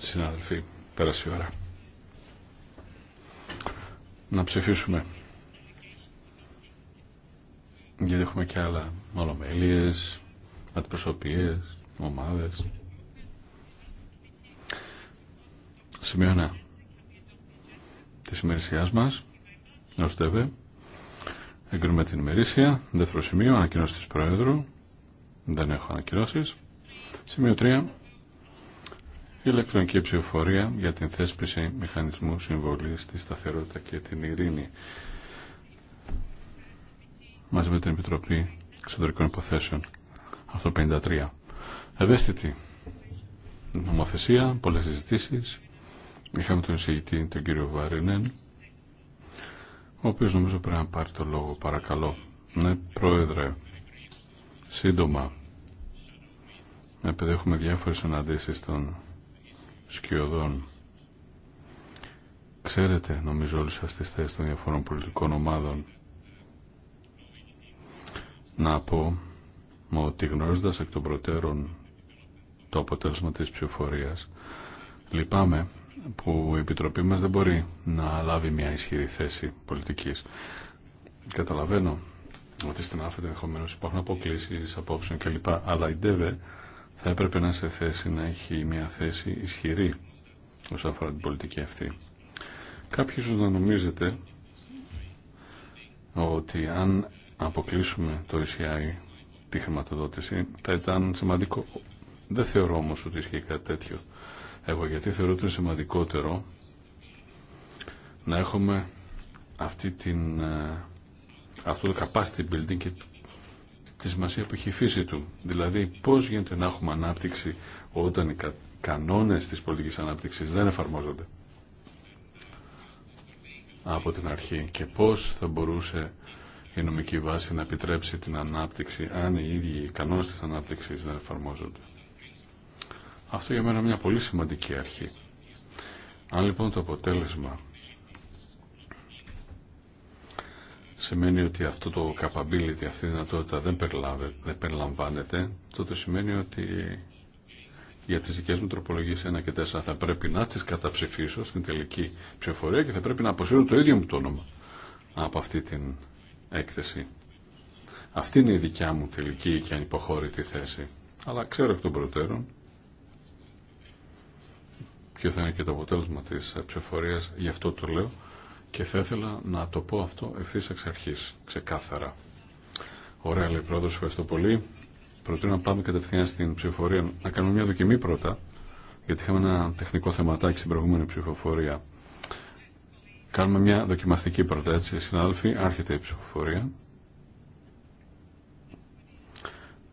Συνάδελφοι, πέρασε η ώρα. Να ψηφίσουμε. Γιατί έχουμε και άλλα μολομέλειες, αντιπροσωπείες, ομάδες. Σημείο 1 της ημερησιάς μας, εγκρίνουμε την ημερήσια, δεύτερο σημείο, ανακοινώσεις της Προέδρου, δεν έχω ανακοινώσεις. Σημείο 3. Η ηλεκτρονική ψηφοφορία για την θέσπιση μηχανισμού συμβολής στη σταθερότητα και την ειρήνη μαζί με την Επιτροπή Εξωτερικών Υποθέσεων αυτό 53. Ευαίσθητη νομοθεσία, πολλές συζητήσει. Είχαμε τον εισηγητή τον κύριο Βαρινέν ο οποίος νομίζω πρέπει να πάρει το λόγο παρακαλώ. Ναι, Πρόεδρε, σύντομα επειδή έχουμε διάφορες συναντήσεις των σκιωδών. Ξέρετε, νομίζω όλοι σας τις θέσεις των διαφορών πολιτικών ομάδων. Να πω ότι γνωρίζοντας εκ των προτέρων το αποτέλεσμα της ψηφοφορίας, λυπάμαι που η Επιτροπή μας δεν μπορεί να λάβει μια ισχυρή θέση πολιτικής. Καταλαβαίνω ότι στην άφετη ενδεχομένω υπάρχουν αποκλήσει απόψεων κλπ. Αλλά η θα έπρεπε να σε θέση να έχει μια θέση ισχυρή όσον αφορά την πολιτική αυτή. Κάποιοι ίσως να νομίζετε ότι αν αποκλείσουμε το ECI τη χρηματοδότηση θα ήταν σημαντικό. Δεν θεωρώ όμως ότι ισχύει κάτι τέτοιο. Εγώ γιατί θεωρώ ότι είναι σημαντικότερο να έχουμε αυτή την, ε, αυτό το capacity building τη σημασία που έχει η φύση του. Δηλαδή πώς γίνεται να έχουμε ανάπτυξη όταν οι κανόνες της πολιτικής ανάπτυξη δεν εφαρμόζονται από την αρχή και πώς θα μπορούσε η νομική βάση να επιτρέψει την ανάπτυξη αν οι ίδιοι οι κανόνες της ανάπτυξη δεν εφαρμόζονται. Αυτό για μένα είναι μια πολύ σημαντική αρχή. Αν λοιπόν το αποτέλεσμα σημαίνει ότι αυτό το capability, αυτή η δυνατότητα δεν, δεν περιλαμβάνεται, τότε σημαίνει ότι για τις δικές μου τροπολογίες 1 και 4 θα πρέπει να τις καταψηφίσω στην τελική ψηφοφορία και θα πρέπει να αποσύρω το ίδιο μου το όνομα από αυτή την έκθεση. Αυτή είναι η δικιά μου τελική και ανυποχώρητη θέση. Αλλά ξέρω εκ των προτέρων ποιο θα είναι και το αποτέλεσμα της ψηφοφορίας, γι' αυτό το λέω, και θα ήθελα να το πω αυτό ευθύ εξ αρχή, ξεκάθαρα. Ωραία, λέει πρόεδρο, ευχαριστώ πολύ. Προτείνω να πάμε κατευθείαν στην ψηφοφορία. Να κάνουμε μια δοκιμή πρώτα, γιατί είχαμε ένα τεχνικό θεματάκι στην προηγούμενη ψηφοφορία. Κάνουμε μια δοκιμαστική πρώτα, έτσι, συνάδελφοι. Άρχεται η ψηφοφορία.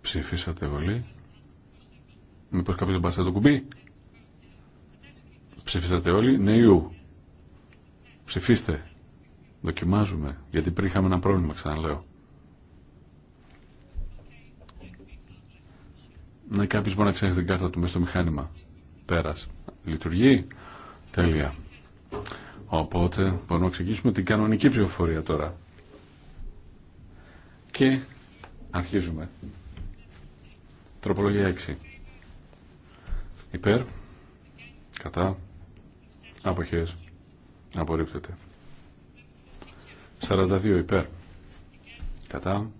Ψηφίσατε όλοι. Μήπως κάποιος μπάσατε το κουμπί. Ψηφίσατε όλοι. Ναι, ιού. Ψηφίστε. Δοκιμάζουμε. Γιατί πριν είχαμε ένα πρόβλημα, ξαναλέω. Ναι, κάποιος μπορεί να ξέρει την κάρτα του μέσα στο μηχάνημα. Πέρας. Λειτουργεί. Τέλεια. Οπότε μπορούμε να ξεκινήσουμε την κανονική ψηφοφορία τώρα. Και αρχίζουμε. Τροπολογία 6. Υπέρ. Κατά. Αποχές. Απορρίπτεται. 42 υπέρ. Κατά.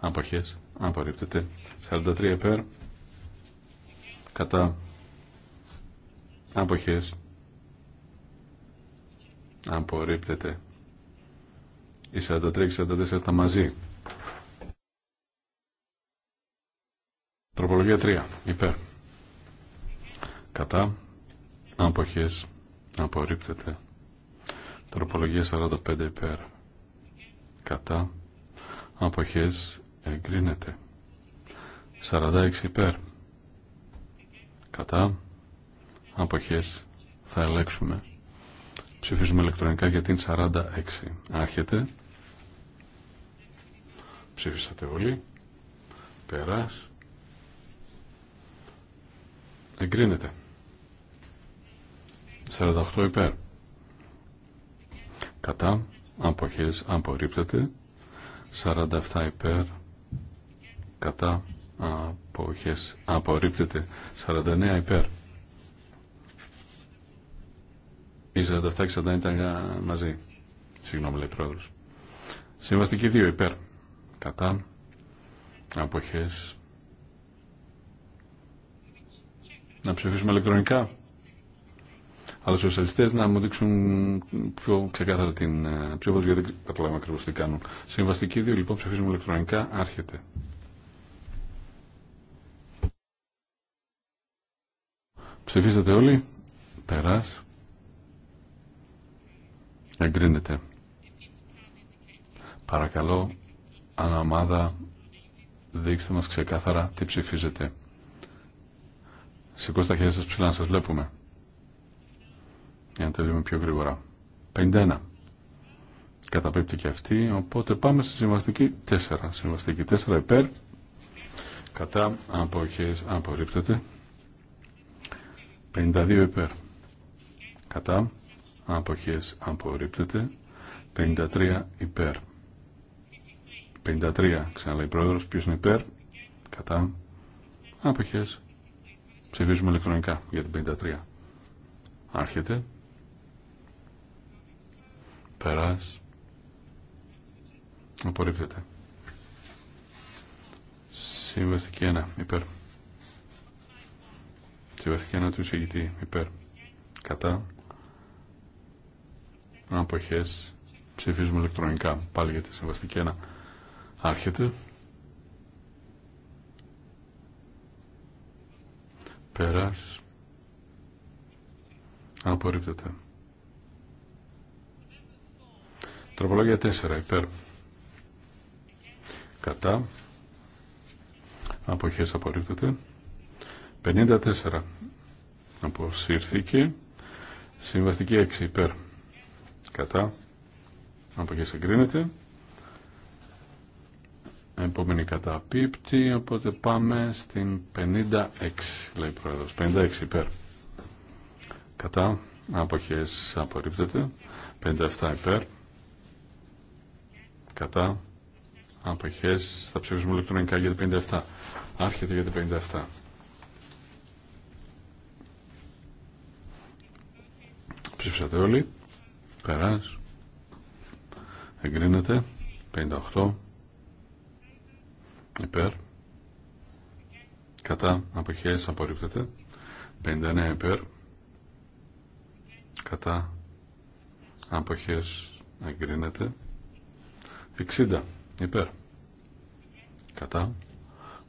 Αποχές. Απορρίπτεται. 43 υπέρ. Κατά. Αποχές. Απορρίπτεται. Οι 43 και 44 μαζί. Τροπολογία 3. Υπέρ. Κατά. Αποχές. Απορρίπτεται. Τροπολογία 45 υπέρ. Κατά. Αποχές εγκρίνεται. 46 υπέρ. Κατά. Αποχές θα ελέξουμε. Ψηφίζουμε ηλεκτρονικά για την 46. Άρχεται. Ψήφισατε όλοι. Περάς. Εγκρίνεται. 48 υπέρ κατά αποχές απορρίπτεται 47 υπέρ κατά αποχές απορρίπτεται 49 υπέρ Οι 47 και 49 ήταν μαζί συγγνώμη λέει πρόεδρος συμβαστική 2 υπέρ κατά αποχές να ψηφίσουμε ηλεκτρονικά αλλά οι σοσιαλιστέ να μου δείξουν πιο ξεκάθαρα την ψήφο, ε, γιατί δεν καταλάβουμε ακριβώ τι κάνουν. Συμβαστική δύο, λοιπόν, ψηφίζουμε ηλεκτρονικά, άρχεται. Ψηφίζετε όλοι, περάς, εγκρίνεται. Παρακαλώ, αναμάδα, δείξτε μας ξεκάθαρα τι ψηφίζετε. Σηκώστε τα χέρια σας ψηλά να σας βλέπουμε για να τελειώνουμε πιο γρήγορα. 51. Καταπίπτει και αυτή, οπότε πάμε στη συμβαστική 4. Συμβαστική 4 υπέρ, κατά αποχές απορρίπτεται. 52 υπέρ, κατά αποχές απορρίπτεται. 53 υπέρ. 53 ξαναλέει πρόεδρος, ποιος είναι υπέρ, κατά αποχές. Ψηφίζουμε ηλεκτρονικά για την 53. Άρχεται. Πέρας. Απορρίπτεται. Συμβαστική 1. Υπέρ. Συμβαστική 1 του εισηγητή. Υπέρ. Κατά. Αποχές. Ψηφίζουμε ηλεκτρονικά. Πάλι για τη συμβαστική 1. Άρχεται. Πέρας. Απορρίπτεται. Τροπολόγια 4 υπέρ. Κατά. Αποχές απορρίπτεται. 54 αποσύρθηκε. Συμβαστική 6 υπέρ. Κατά. Αποχές εγκρίνεται. Επόμενη πίπτη οπότε πάμε στην 56, λέει πρόεδρος. 56 υπέρ. Κατά. Αποχές απορρίπτεται. 57 υπέρ κατά αποχές θα ψηφίσουμε ηλεκτρονικά για το 57 άρχεται για το 57 ψήφισατε όλοι περάς εγκρίνεται 58 υπέρ κατά αποχές απορρίπτεται 59 υπέρ κατά αποχές εγκρίνεται 60 υπέρ κατά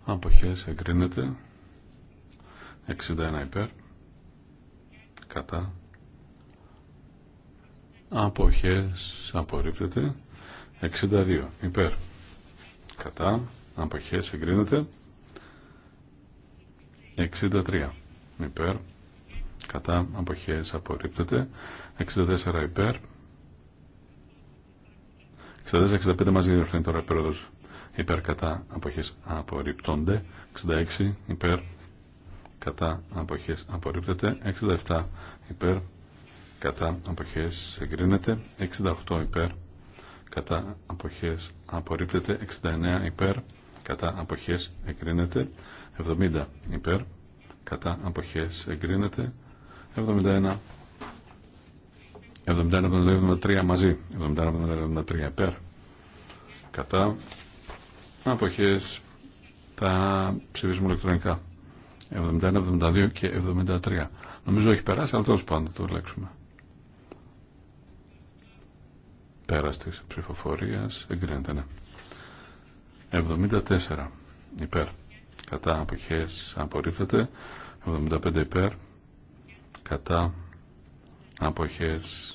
αποχές εγκρίνεται 61 υπέρ κατά αποχές απορρίπτεται 62 υπέρ κατά αποχές εγκρίνεται 63 υπέρ κατά αποχές απορρίπτεται 64 υπέρ 64-65 μαζί διορθώνει τώρα πρόοδο υπέρ κατά αποχέ απορρίπτώνται. 66 υπέρ κατά αποχέ απορρίπτεται 67 υπέρ κατά αποχέ εγκρίνεται 68 υπέρ κατά αποχέ απορρίπτεται 69 υπέρ κατά αποχέ εγκρίνεται 70 υπέρ κατά αποχέ εγκρίνεται 71 71-72-73 μαζί. 71-72-73 υπέρ. Κατά. Αποχές. Τα ψηφίσουμε ηλεκτρονικά. 71-72 και 73. Νομίζω έχει περάσει, αλλά τέλο πάντων το ελέγξουμε. Πέρα τη ψηφοφορία εγκρίνεται, ναι. 74 υπέρ. Κατά αποχές απορρίπτεται. 75 υπέρ. Κατά αποχές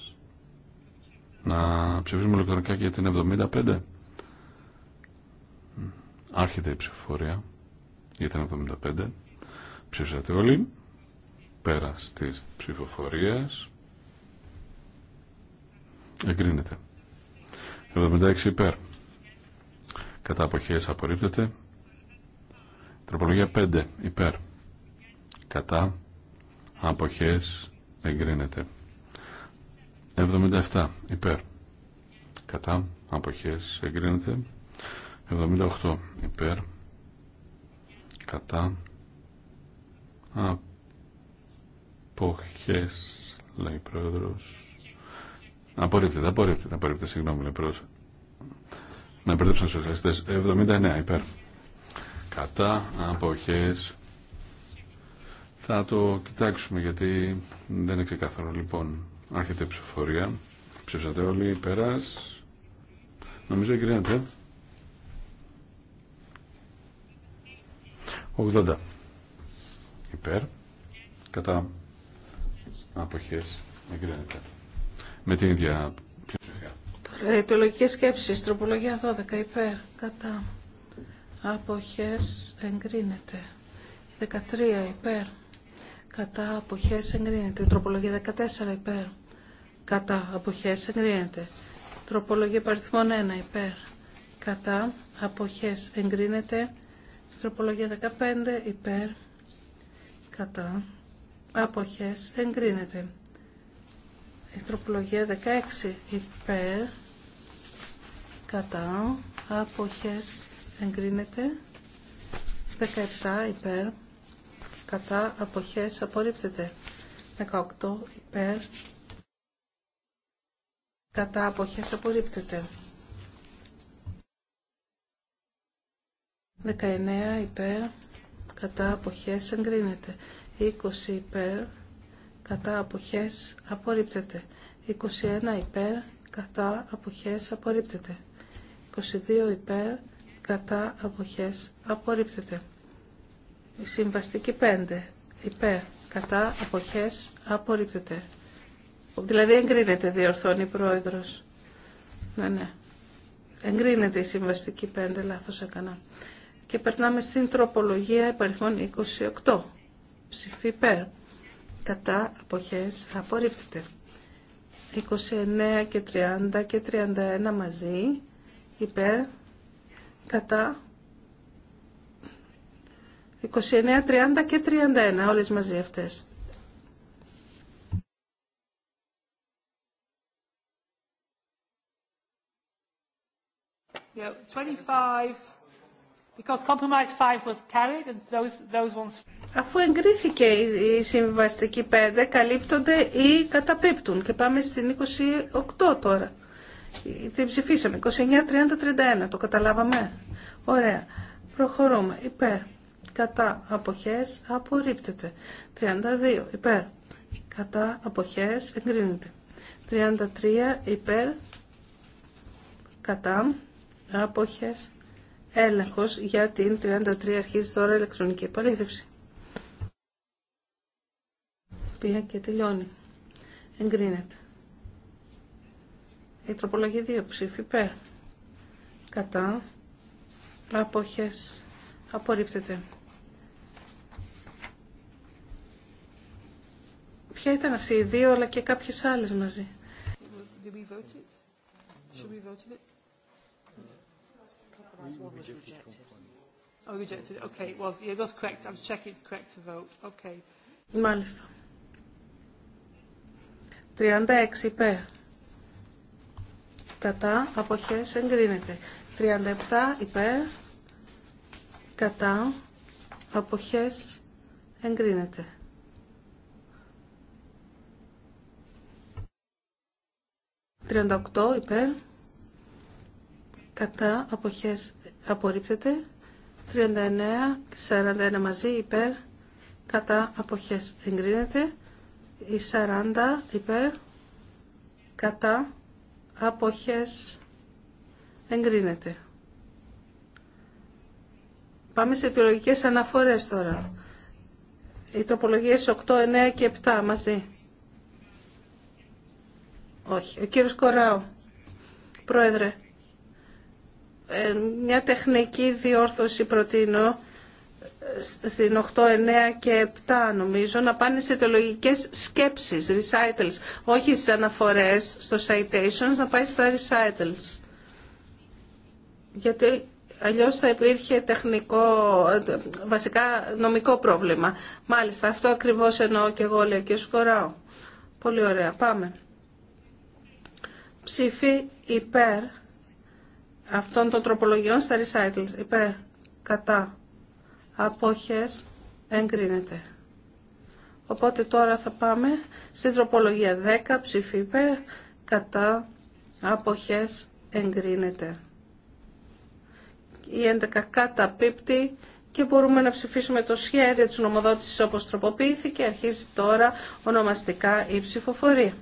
να ψηφίσουμε ηλεκτρονικά και για την 75. Άρχεται η ψηφοφορία για την 75. Ψήφισατε όλοι. Πέρα τη ψηφοφορία. Εγκρίνεται. 76 υπέρ. Κατά αποχές απορρίπτεται. Τροπολογία 5 υπέρ. Κατά αποχές εγκρίνεται. 77 υπέρ κατά αποχές εγκρίνεται 78 υπέρ κατά αποχές λέει πρόεδρος απορρίπτεται, απορρίπτεται, απορρίπτεται συγγνώμη λέει πρόεδρος να στους σοσιαλιστές 79 υπέρ κατά αποχές θα το κοιτάξουμε γιατί δεν είναι ξεκάθαρο λοιπόν Άρχεται η ψηφοφορία. Ψήφισατε όλοι πέρας. Νομίζω εγκρίνεται. 80. Υπέρ. Κατά αποχές εγκρίνεται. Με την ίδια πλειοψηφία. Τώρα αιτιολογικές σκέψεις. Τροπολογία 12. Υπέρ. Κατά αποχές εγκρίνεται. 13. Υπέρ κατά αποχές εγκρίνεται. Τροπολογία 14 υπέρ, κατά αποχές εγκρίνεται. Τροπολογία παριθμών 1 υπέρ, κατά αποχές εγκρίνεται. Τροπολογία 15 υπέρ, κατά αποχές εγκρίνεται. τροπολογία 16 υπέρ, κατά αποχές εγκρίνεται. 17 υπέρ, κατά αποχές απορρίπτεται. 18 υπέρ κατά αποχές απορρίπτεται. 19 υπέρ κατά αποχές εγκρίνεται. 20 υπέρ κατά αποχές απορρίπτεται. 21 υπέρ κατά αποχές απορρίπτεται. 22 υπέρ κατά αποχές απορρίπτεται. Η συμβαστική 5 υπέρ κατά αποχές απορρίπτεται. Δηλαδή εγκρίνεται διορθώνει η πρόεδρος. Ναι, ναι. Εγκρίνεται η συμβαστική 5, λάθος έκανα. Και περνάμε στην τροπολογία υπαριθμών 28. Ψηφί υπέρ. Κατά αποχές απορρίπτεται. 29 και 30 και 31 μαζί υπέρ κατά 29, 30 και 31, όλες μαζί αυτές. 25, because 5 was carried and those, those ones... Αφού εγκρίθηκε η συμβιβαστική 5, καλύπτονται ή καταπίπτουν. Και πάμε στην 28 τώρα. Την ψηφίσαμε. 29, 30, 31. Το καταλάβαμε. Ωραία. Προχωρούμε. Υπέρ κατά αποχές απορρίπτεται. 32 υπέρ κατά αποχές εγκρίνεται. 33 υπέρ κατά αποχές έλεγχος για την 33 αρχίζει τώρα ηλεκτρονική επαλήθευση. Πήγα και τελειώνει. Εγκρίνεται. Η τροπολογία 2 ψήφι υπέρ κατά αποχές απορρίπτεται. Ποια ήταν αυτή, οι δύο αλλά και κάποιες άλλες μαζί. Μάλιστα. 36 υπέρ. Κατά αποχές εγκρίνεται. 37 υπέρ. Κατά αποχές εγκρίνεται. 38 υπέρ κατά αποχές απορρίπτεται 39 41 μαζί υπέρ κατά αποχές εγκρίνεται η 40 υπέρ κατά αποχές εγκρίνεται Πάμε σε αιτιολογικές αναφορές τώρα. Οι τροπολογίες 8, 9 και 7 μαζί. Όχι. Ο κύριος Κοράου. Πρόεδρε, ε, μια τεχνική διόρθωση προτείνω ε, στην 8, 9 και 7 νομίζω να πάνε σε τελογικές σκέψεις, recitals, όχι στις αναφορές στο citations, να πάει στα recitals. Γιατί αλλιώς θα υπήρχε τεχνικό, ε, βασικά νομικό πρόβλημα. Μάλιστα, αυτό ακριβώς εννοώ και εγώ λέω και σκοράω. Πολύ ωραία, πάμε ψήφι υπέρ αυτών των τροπολογιών στα recitals. Υπέρ, κατά, απόχες, εγκρίνεται. Οπότε τώρα θα πάμε στην τροπολογία 10, ψήφι υπέρ, κατά, απόχες, εγκρίνεται. Η 11 κατά πίπτη και μπορούμε να ψηφίσουμε το σχέδιο της νομοδότησης όπως τροποποιήθηκε. Αρχίζει τώρα ονομαστικά η ψηφοφορία.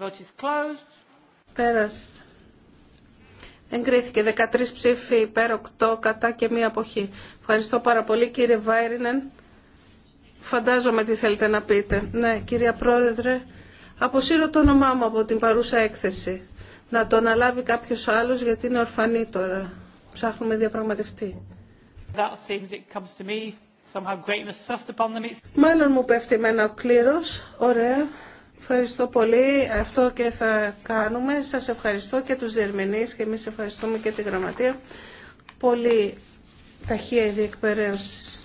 Vote Εγκρίθηκε 13 ψήφοι υπέρ 8 κατά και μία αποχή. Ευχαριστώ πάρα πολύ κύριε Βάιρινεν. Φαντάζομαι τι θέλετε να πείτε. Ναι, κυρία Πρόεδρε, αποσύρω το όνομά μου από την παρούσα έκθεση. Να το αναλάβει κάποιο άλλο γιατί είναι ορφανή τώρα. Ψάχνουμε διαπραγματευτή. Μάλλον μου πέφτει με ένα κλήρο. Ωραία. Ευχαριστώ πολύ. Αυτό και θα κάνουμε. Σας ευχαριστώ και τους διερμηνείς και εμείς ευχαριστούμε και τη γραμματεία. Πολύ ταχεία η διεκπαιρέωση